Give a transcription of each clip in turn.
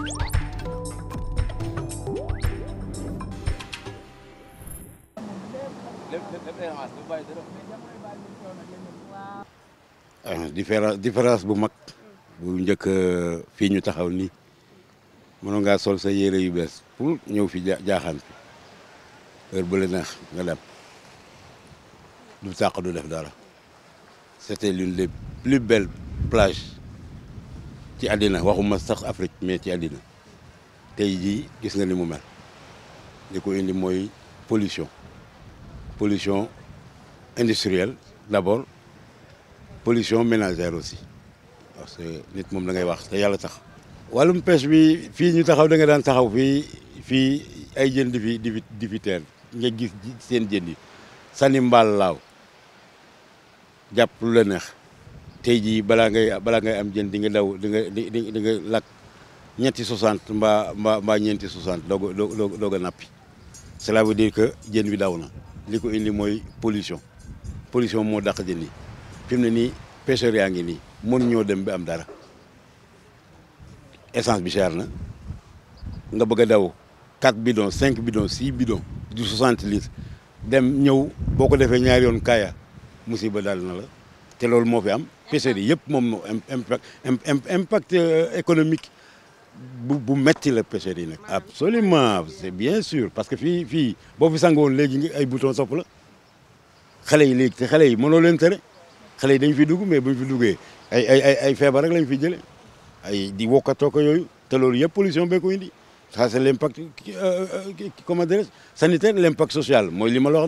lépp ah, lépp différence bu mag. bu njëkk euh, fii ñu taxaw nii. mënoon ngaa sol sa yére yu bees pour ñëw fi ja jaaxaan fi heure bu la nga dem du tàq du def dara c'était l'une des plus belles plages. ci àddina waxuma sax Afrique mais ci àddina tey jii gis nga ni mu mel li ko indi mooy pollution pollution industrielle d'abord pollution ménagère aussi parce que nit moom da ngay wax te yàlla tax wàllum pêche bi fii ñu taxaw danga daan taxaw fii fii ay jën di fi di fi di nga gis seen jën yi sani mbaal laaw jàpp lu la neex tey jii balaa ngay balaa ngay am jën di nga daw di nga di di nga lakk ñetti soixante mbaa mbaa mbaa ñeenti soixante doog doog a nappi cela veut dire que jën bi daw na li ko indi mooy pollution pollution moo dàq jën yi fi na ni nii yaa ngi nii mënuñoo dem bi am dara essence bi cher na nga bëgg a daw 4 bidons 5 bidons 6 bidons du 60 litres dem ñëw boo ko defee ñaari yoon kaaya musiba daal na la. te loolu moo fi am pêcherie yëpp moom impact impact euh, économique bu bu metti la pêcherie nag absolument c'est bien sur parce que fii fii boo fi sangoon léegi ngi ay bouton sopp la xale yi léegi te xale yi mënoo leen tere xale yi dañ fi dugg mais buñ fi duggee ay ay ay feebar rek lañu fi jële ay di wokkatoo ko yooyu te loolu yëpp pollution bee ko indi ça c'est l'impact euh, euh, comment dirais sanitaire l'impact social mooy li ma la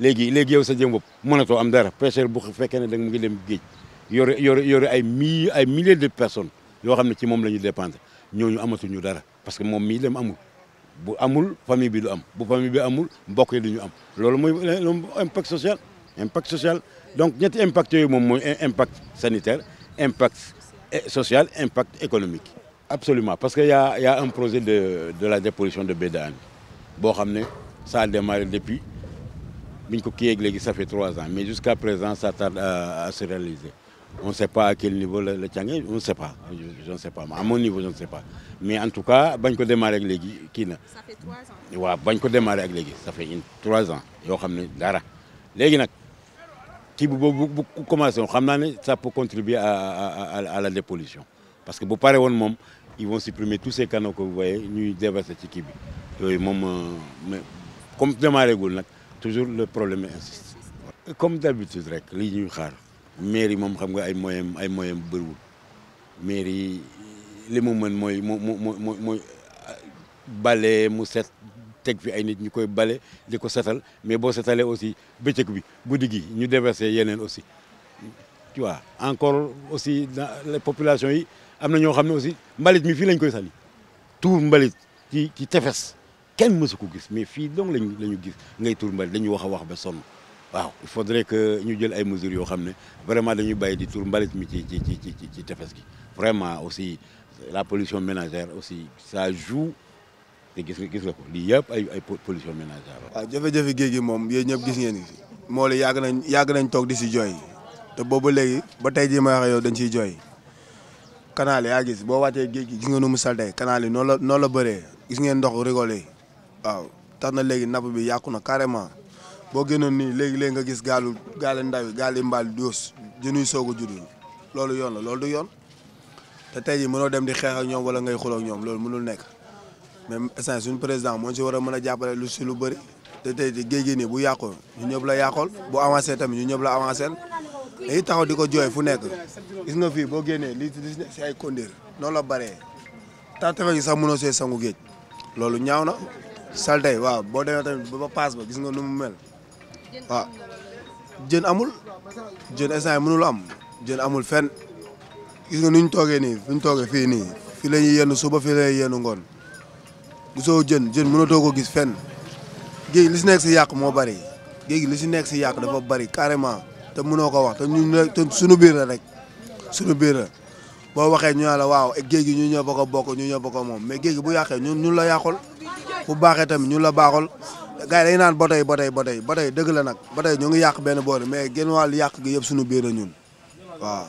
léegi léegi yow sa jëm bopp mënatoo am dara pêcheur bu fekkee ne da mu ngi dem géej yore yore yore ay mi ay milliers de personnes yoo xam ne ci moom la ñu dépendre ñooñu amatuñu dara parce que moom mii dem amul bu amul famille bi du am bu famille bi amul mbokk yi du ñu am loolu mooy impact social impact social donc ñetti impact yooyu moom mooy impact sanitaire impact social impact économique absolument parce que yaa a un projet de de la dépollution de baie de Hann boo xam ne ça a démarré depuis biñ ko kii ak léegi ça fait trois ans mais jusqu'à présent ça tarde à, à se réaliser on ne sait pas à quel niveau la la on ne pas à mon niveau je ne pas mais en tout cas bañ ko démarrer ak léegi kii na. ça fait bañ ko démarrer ak léegi ça fait une trois ans yoo xam ne dara léegi nag kii bu boobu bu commencé woon xam naa ne ça peut contribuer à la dépollution parce que bu paree woon moom ils vont supprimer tous ces canaux que vous voyez ñuy déverser ci kii bi yooyu moom euh, comme démarrer gul nag. toujours le problème insiste comme d'habitude rek lii ñuy xaar mairie moom xam nga ay moyen ay moyen bu bëriwul mairie li mu mën mooy mu mu mu mooy bale mu set teg fi ay nit ñu koy bale li ko setal mais boo setalee aussi bëccëg bi guddi gi ñu déversé yeneen aussi tu encore aussi le les populations yi am na ñoo xam ne aussi mbalit mi fii lañ koy sali tout mbalit ci ci tefes kenn mësu ko gis mais fii donc lañu la ñu gis ngay turmbal dañu wax a wax ba sonn waaw il faudrait que ñu jël ay mesures yoo xam ne vraiment dañuy bàyyi di tur mbalit mi ci ci ci ci ci tefes gi vraiment aussi la pollution ménagère aussi ça joue te gis nga gis nga ko lii yëpp ay ay pollution ménagère waaw jafe-jafe géej gi moom yéen ñëpp gis ngeen ni moo la yàgg nañ yàgg nañ toog di si jooy te boobu léegi ba tey jii may wax yow dañ siy jooy canal yaa gis boo wàccee géej gi gis nga nu mu saltee canal yi noonu la noonu la bëree gis ngeen ndox rigole waaw tax na léegi napp bi yàqu na carrément boo génnoon nii léegi-léegi nga gis gaalu gaale ndaw yi gaale mbaal dóos jënuy soog a juddu loolu yoon la loolu du yoon te tey jii mënoo dem di xeex ak ñoom wala ngay xuloo ak ñoom loolu mënul nekk même essence suñu président moo ci war a mën a jàppale lu si lu bëri te tey jii géej gi nii bu yàqoo ñu ñëpp la yàqool bu avancé tamit ñu ñëpp la avancé dañuy taxaw di ko joo fu nekk gis nga fii boo génnee li li si ay kondir noonu la bëree tax tefes gi sax mënoo see sangu géej loolu ñaaw na salte waaw boo demee tamit ba paas ba gis nga nu mu mel waaw jën amul jën instant yi mënul am jën amul fenn gis nga nu ñu toogee nii fi ñu toogee fii nii fii la ñuy yenn suba fii la ñuy yenn ngoon gisoo jën jën mënatoo ko gis fenn géej li si nekk si yàq moo bari géej li si nekk si yàq dafa bari carrément te mënoo ko wax te ñun te suñu biir la rek suñu biir la boo waxee ñu ne la waaw géej gi ñu ñoo bokk a bokk ñu ñoo bokk a moom mais géej gi bu yàqee ñun ñun la yàqul fu baaxee tamit ñun la baaxul gars yi dañu naan botey botey botey botey dëgg la nag botey ñu ngi yàq benn boori mais genn wàll yàq gi yëpp suñu biir la ñun waaw.